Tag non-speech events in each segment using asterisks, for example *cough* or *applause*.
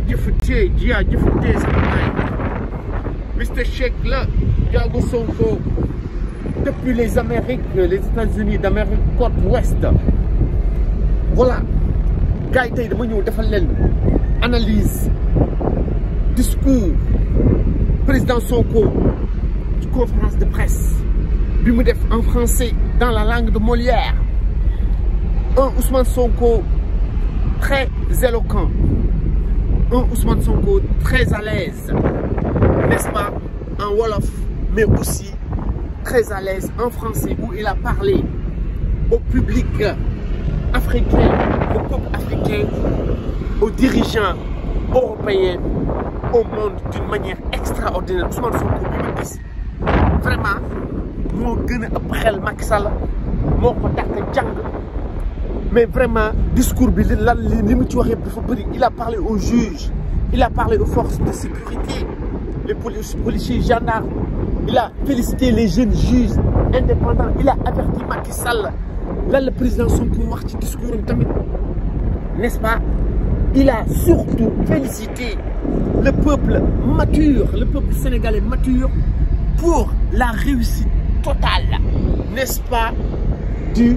difficulté ce matin. Mr. Sheikh, là, Diago Sonko, depuis les Amériques, les États-Unis d'Amérique côte-ouest, voilà, Gaïté de dama analyse discours président Sonko conférence de presse en français dans la langue de Molière un Ousmane Sonko très éloquent un Ousmane Sonko très à l'aise, n'est-ce pas, en Wolof, mais aussi très à l'aise en français où il a parlé au public africain, au peuple africain, aux dirigeants européens, au monde d'une manière extraordinaire. Ousmane Sonko il vraiment a xel Macky Sall mais vraiment discours il a parlé aux juges il a parlé aux forces de sécurité les policiers gendarmes il a félicité les jeunes juges indépendants il a averti Macky Sall Là, le président Sonko discours n'est-ce pas il a surtout félicité le peuple mature le peuple sénégalais mature pour la réussite totale n'est-ce pas du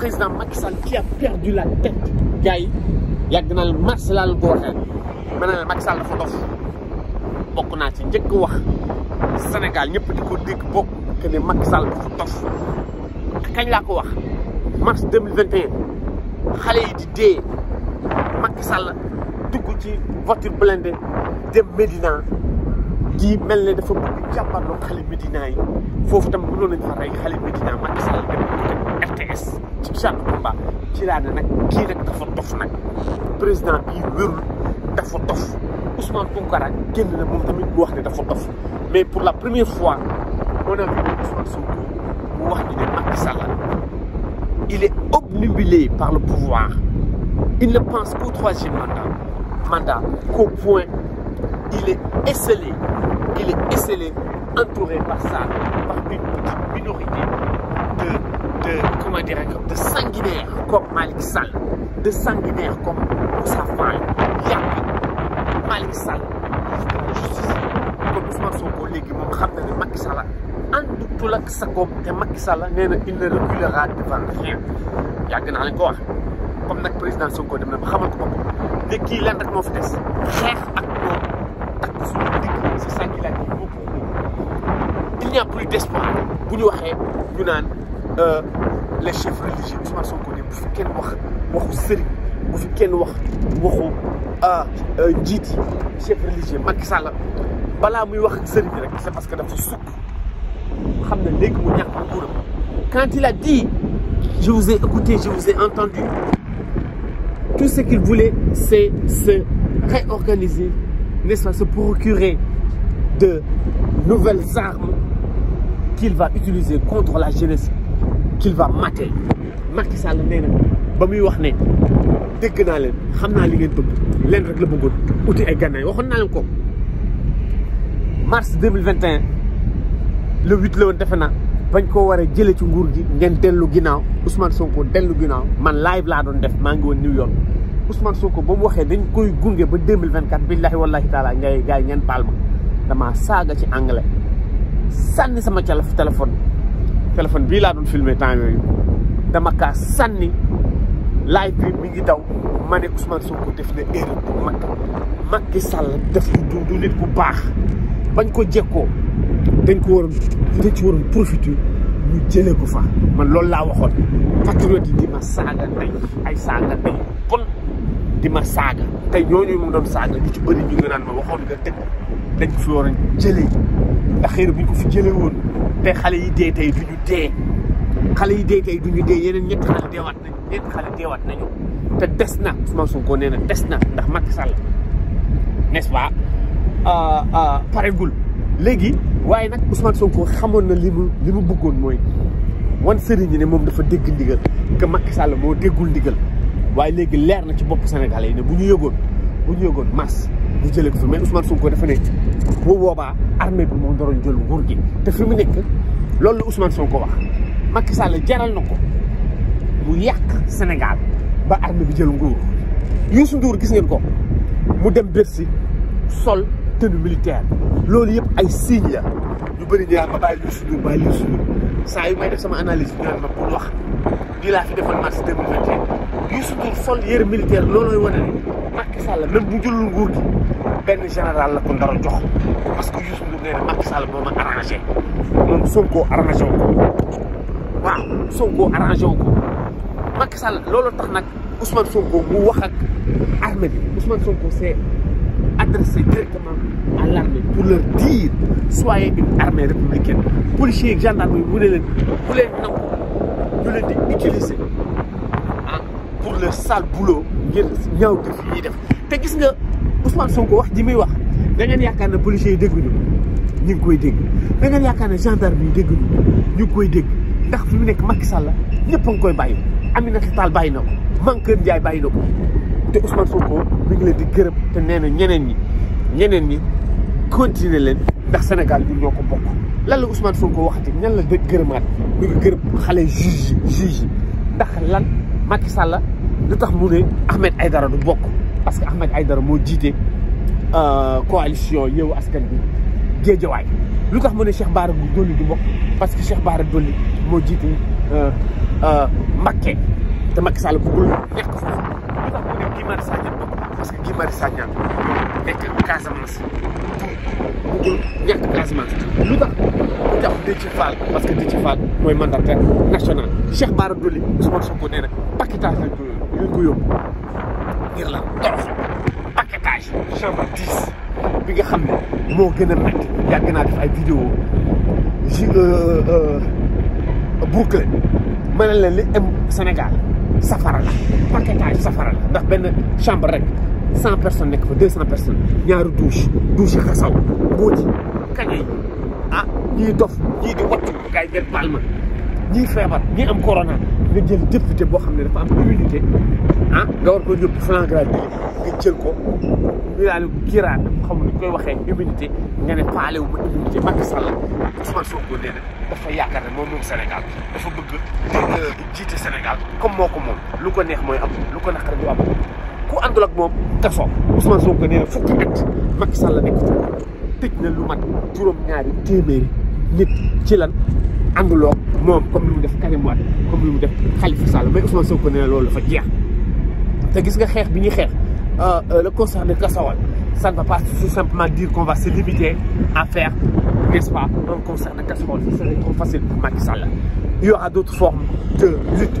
président Macky Sall qui a perdu la tête gay yagnal yàgg na mars laal Macky Sall dafa dof bokk naa ci njëkk wax Sénégal ñëpp diko ko dégg bokk que ne Macky Sall dafa dof kañ la ko wax mars 2021 xalé yi di dé Macky Sall dugg ci voiture blindée dem Médina kii mel ne dafa bëgg jàmbarloo xale Medina yi foofu tam mënoon nañ fa rey xale Medina Macky Sall dem RTS ci genre combat ci laa ne nag kii nag dafa dof nag président bi wérul dafa dof Ousmane Tounkara génn na moom tamit bu wax ne dafa dof mais pour la première fois on a vu Ousmane Sonko mu wax ne Macky Sall il est obnubilé par le pouvoir il ne pense qu'au troisième mandat mandat qu'au point il est esselé, il est esselé, entouré par ça, par une petite minorité de, de comment dire, de sanguinaires comme Malik Sall, de sanguinaires comme Moussa Fall, Malik Sall, Comme Ousmane Sonko léegi moom xam na ne Macky Sall àndutul ak sagoom te Macky Sall il ne reculera devant rien yàgg naa lañ comme nag président Sonko dem na ba xamal ko boppam ne qui lan rek moo fi c'est ça qu'il a dit beaucoup. Il n'y a plus d'espoir. bu ñu waxee ñu les chefs religieux Ousmane Sonko ne bu fi kenn wax waxu sëriñ bu fi kenn wax waxu chef religieux Macky Sall balaa muy wax ak rek c'est parce que dafa sukk xam ne léegi mu ñàkk nguuram quand il a dit je vous ai écouté je vous ai entendu tout ce qu'il voulait c'est se réorganiser n'est-ce pas, se procurer de nouvelles armes qu'il va utiliser contre la jeunesse qu'il va mater Macky Sall néna na ba muy wax né dégg naa leen xam li ngeen bëgg len rek la bëggoon outil ay ganay waxon na len ko mars 2021 le 8 la woon defe bañ ko waré a ci nguur gi ngeen dellu ginnaaw Ousmane Sonko delu ginaaw man live la doon def maa ngi woon New York Ousmane Sonko ba waxe dañ koy gungé ba 2024 billahi wallahi taala ngay gay ñen palma dama saga ci anglais sanni sama téléphone téléphone bi la doon filmer temps yoyu dama ka sanni live bi mi ngi daw mané Ousmane Sonko def na erreur bu mak Macky Sall def du du nit bu baax bañ ko jekko dañ ko woron dañ ci woron profiter ñu jëlé ko fa man loolu la waxoon patriote yi di ma saga ndey ay saga ndey bon di ma saaga tey ñooñu mu doon saaga ñu ci bëri ñu ngi naan ma waxoon nga dëgg dañ ko fi war ndax xëy na bu ñu fi jële woon te xale yi dee tey du ñu dee xale yi dee tey du ñu dee yeneen ñetti xale deewaat nañ ñetti xale deewaat nañu te des na Ousmane Sonko nee na des na ndax Macky Sall n'est-ce pas euh, euh, paregul léegi waaye nag Ousmane Sonko xamoon na li mu li mu bëggoon mooy wan sëriñ ñi ne moom dafa dégg ndigal que Macky Sall moo déggul ndigal. waaye léegi leer na ci bopp Sénégalais yi ne bu ñu yëgoon bu ñu yëgoon mars ñu jëlee ko fi mais Ousmane ko dafa ne bu boobaa armée bi moo ndoroon jël nguur gi te fi mu nekk loolu la Ousmane ko wax Macky Sall jaral na ko mu yàq Sénégal ba armée bi jël nguur Youssou Ndour gis ngeen ko mu dem si sol tenue militaire loolu yëpp ay signe la ñu bëri ñu naan ma bàyyi Youssou Ndour bàyyi Youssou Ndour saa yu may def sama analyse ñu naan ma pour wax di fi defal mars 2021 Youssou Ndour sol yére militaire loolooy wane ne Macky Sall bu jëlul nguur gi benn général la parce que Youssou Ndour nee na Macky Sall moo ma arrangé moom Sonko looloo tax nag Ousmane Sonko mu wax ak armée bi Ousmane Sonko s'est adressé directement à l'armée pour leur dire soyez une armée républicaine policiers gendarme yi mu ne leen bu leen nangu ñu pour le sale boulot ngir ñaaw def yi def te gis nga Ousmane ko wax ji muy wax da ngeen yaakaar ne policiers yi dégguñu ñu ngi koy dégg da ngeen yaakaar ne gendarme yi dégguñu ñu ngi koy dégg ndax fi mu nekk Macky Sall la ñëpp a ngi koy bàyyi Aminata taal bàyyi na ko Mankeur Ndiaye bàyyi na ko te Ousmane Sonko mi ngi leen di gërëm te nee na ñeneen ñi ñeneen ñi continuer leen ndax Sénégal bi ñoo ko bokk lal la ko Sonko waxati ñan la dëgg gërëmaat mi ngi gërëm xale juge juge ndax lan. Macky Sall lu tax mu ne Ahmed Aïdara du bok parce que Ahmed Aïdara jité euh coalition Yewwi Askan bi gédjé way lu tax mu ne Cheikh Bara Doli du bok parce que Cheikh Bara Dolly moo jiite euh, euh, Mbacké te Macky Sall bëggul nekk foofu lu tax mu ne Kimar Marius Sagna bokk parce que Guy Marius Sagna nekk Casamance mu lu tax mu tax Déthié Fall parce que Déthié Fall mooy mandataire national Cheikh Bara Dolly Ousmane Sonko nee na paquetage lañ ko lañ ko yóbbu ngir la torox paquetage bi nga xam moo gën a métti yàgg naa def ay vidéo ju e, e, e, boucle ma ne leen li am Sénégal safara la paquetage ndax benn chambre rek 100 personnes nek fa deux personnes ñaaru douche douche yi saw bóoti kaña yi ah ñii dof ñii di wat gay yi palma baal febar ñii am corona nga jël député bo xamné dafa am immunité ah nga war ko yóbbu flagrant délit nga jël ko ñu daal di giraat xam nga koy waxé immunité nga ne faale wu ma immunité Macky Sall Ousmane Sonko nee na dafa yaakaar ne mo moom Sénégal dafa bëgg jité Sénégal comme moko mom lu ko neex moy am lu ko nakar du am ku àndul mom moom kaso Ousmane Sonko nee na fukki at Macky Sall la nekk na lu mat juróom-ñaari téméré nit ci lan ànduloo mom comme lu def Karim Wade comme lu def Khalifa Sall mais Ousmane Sonko nee na loolu dafa jeex te gis nga xex bi xex euh, euh le concert de Kassawal ça ne va pas simplement dire qu'on va se limiter à faire n'est-ce pas un concert de Kassawal ce serait trop facile pour Macky Sall il y aura d'autres formes de lutte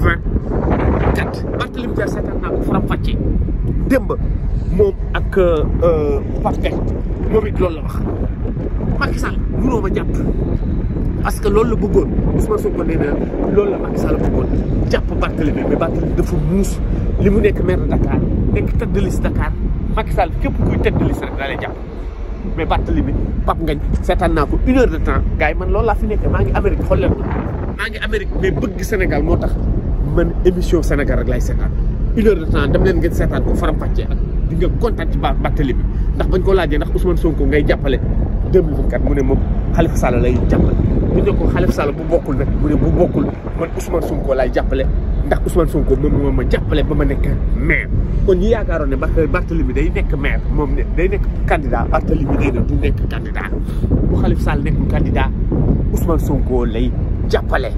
2024 Barthélémy Dias seetaan naa ko faram ak euh, euh, Pape moom it loolu la wax Macky Sall mënoo ma jàpp parce que loolu la bëggoon Ousmane Sonko nee na loolu la Macky Sall bëggoon jàpp Barthélémy mais Barthélémy dafa muus li mu nekk maire de Dakar nekk tête de liste Dakar Macky Sall képp kuy tête de liste rek daa lay jàpp mais Barthélémy man émission Sénégal rek lay seetaan une heure de ngeen seetaan ko faram-fàccee ak di nga kontaan ci ba Barthélémy bi ndax bañ ko laajee ndax Ousmane Sonko ngay jàppale 2024 mu ne moom Khalifa Sall lay jàppale bu bu bokkul nag mu ne bu bokkul man Ousmane Sonko laay jàppale ndax Ousmane Sonko moom moom ma ba ma nekk maire kon ñi yaakaaroon ne Barthélémy day nekk maire moom ne day nekk candidat Barthélémy day ne du nekk candidat bu Khalifa Sall nekkul candidat Ousmane Sonko lay jàppale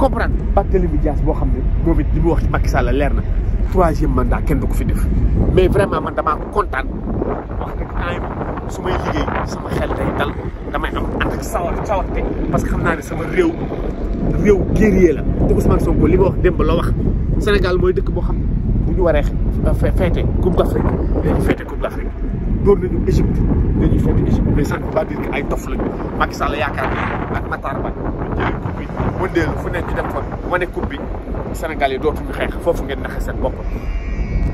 comprendre Barthélémy Dias boo xam ne moom it li mu wax ci Macky leer na troisième mandat kenn du ko fi def mais vraiment man damaa kontaan wax dëgg su may liggéey sama xel day dal damay am ànd sawar sawarte parce que xam naa ne sama réew réew guerrier la te Ousmane Sonko li ma wax démb la wax Sénégal mooy dëkk boo xam ne bu ñu waree feete Coupe d'Afrique dañuy feete Coupe d'Afrique dóor nañu Égypte dañuy mais ça ne veut ay dof lañu Macky Sall yaakaar ak Matar Ba wëndeelu fu nekk ñu dem fa wane coupe bi Sénégal yi dootuñu xeex foofu ngeen naxe seen bopp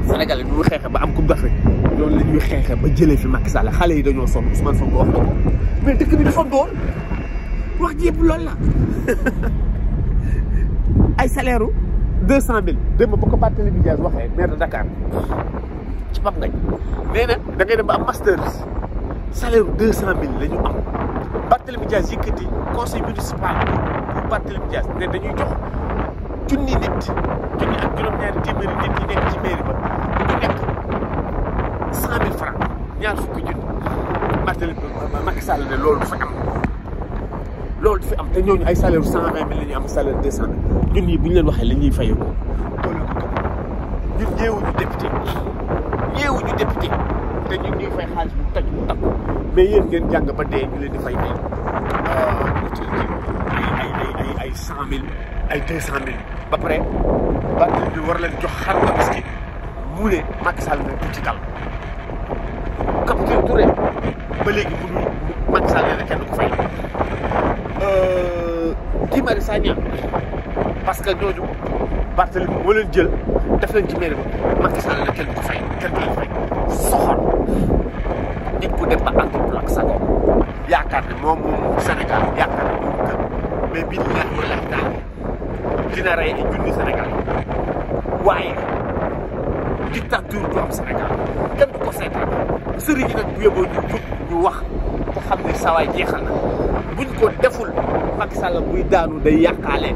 Sénégal yi ñu ngi ba am coupe d'Afrique loolu la ñuy ba jëlee fi Macky Sall xale yi dañoo sonn Ousmane Sonko wax na ko mais dëkk bi dafa dóor wax ji yëpp loolu la *laughs* ay salaire u deux cent mille démb ba ko Barthélémy Dias waxee maire de Dakar ci Pape Ngagne nee na da ngay dem ba am master salaire u deux cent mille la ñu am Barthélémy Dias yëkkati conseil municipal Barthélémy Dias ne dañuy jox junni nit junni ak juróom-ñaari téeméeri nit yi nekk ci mairie ba ku nekk cent mille francs ñaar fukki junni Barthélémy Macky Sall ne loolu du fi am loolu du fi am te ñooñu ay salaire cent vingt mille la ñuy am salaire deux cent junni yi bu ñu leen waxee la ñuy fayee ko loolu ko topp ñun ñeewuñu député ñeewuñu député te ñun ñuy fay xaalis bu taj bu takku mais yéen ngeen jàng ba dee ñu leen di fay dee cent ba pare ba bi war leen jox xar mu ne Macky Sall ne du ci dal capitaine Touré ba léegi mënul Macky Sall ne kenn ko fay euh, Guy Marius Sagna parce que ñooñu Barthélemy moo leen jël def leen ci mairie ba Macky Sall ne kenn ko fay kenn du leen fay soxor nit ku ne moom moom mais billahi wallahi taala dina rey junni Sénégal waaye dictature du am Sénégal kenn ko seetaan sëriñ yi nag bu yóbboo ñu jub ñu wax te xam ne sawaay jeexal na buñ ko deful Macky Sall buy daanu day yàqaale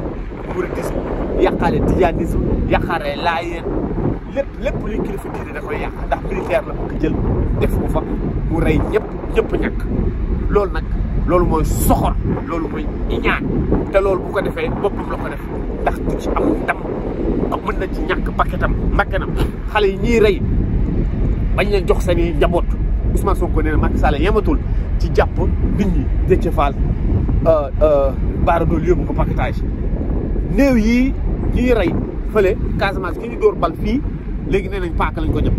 mouridisme yàqaale tijanisme yàqaale laayeen lépp lépp luy kilifa diine da koy yàq ndax militaire la ko jël def ko fa mu rey ñëpp ñëpp ñàkk loolu nag loolu mooy soxor loolu mooy iñaan te loolu bu ko defee boppam la ko def ndax du ci amul ndam ak mën na ci ñàkk bakketam mbakkenam xale yi ñii rey bañ leen jox seeni njaboot Ousmane Sonko nee na Macky yematul ci jàpp nit ñi Déthié Fall euh, euh, baara doolu yóbbu ko paquetage néew yii ñuy rey fële Casamance ki ñu dóor bal léegi nee nañ paaka lañ ko jëm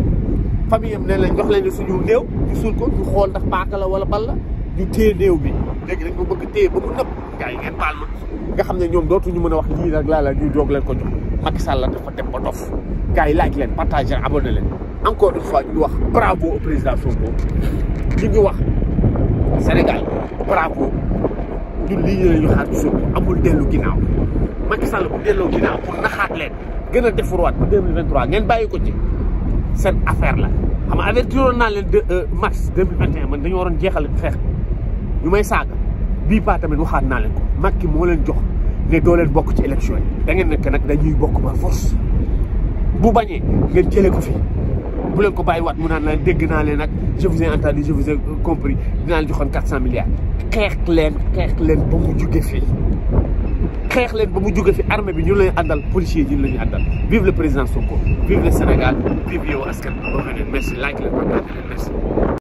famille am nee jox leen suñu néew ñu suul ko ñu xool ndax paaka la wala bal la ñu téye néew bi léegi dañ ko bëgg téye ba mu nëb gars yi ngeen baal ma nga xam ne ñoom dootuñu mën a wax lii nag laa la ñuy joog leen ko jox Macky Sall dafa dem ba dof gars yi like leen partager abonné leen encore une fois ñu wax bravo au président Sonko ñu ngi wax Sénégal bravo ñun lii la ñu xaar ci amul dellu ginnaaw Macky Sall bu delloo ginnaaw pour naxaat leen gën a defuruwaat bu 2023 ko ci seen affaire la xam nga avertiroon naa leen de euh, mars 2021 man dañoo waroon jeexal feex ñu may saaga bii ba tamit waxaat naa leen ko Macky moo leen jox ne doo leen bokk ci élection yi da ngeen nekk nag dañuy bokk par force bu bañee ngeen jëlee ko fi bu leen ko bàyyiwaat mu naan la dégg naa leen nag je vous ai entendu je vous ai compris dinaa la joxoon quatre cent milliards xeex leen xeex leen ba mu jóge fi xeex leen ba mu jóge fi armée bi ñu lay àndal policier yi ñu la ñuy àndal vive le président Sonko vive le Sénégal vive yow askan boo leen partage leen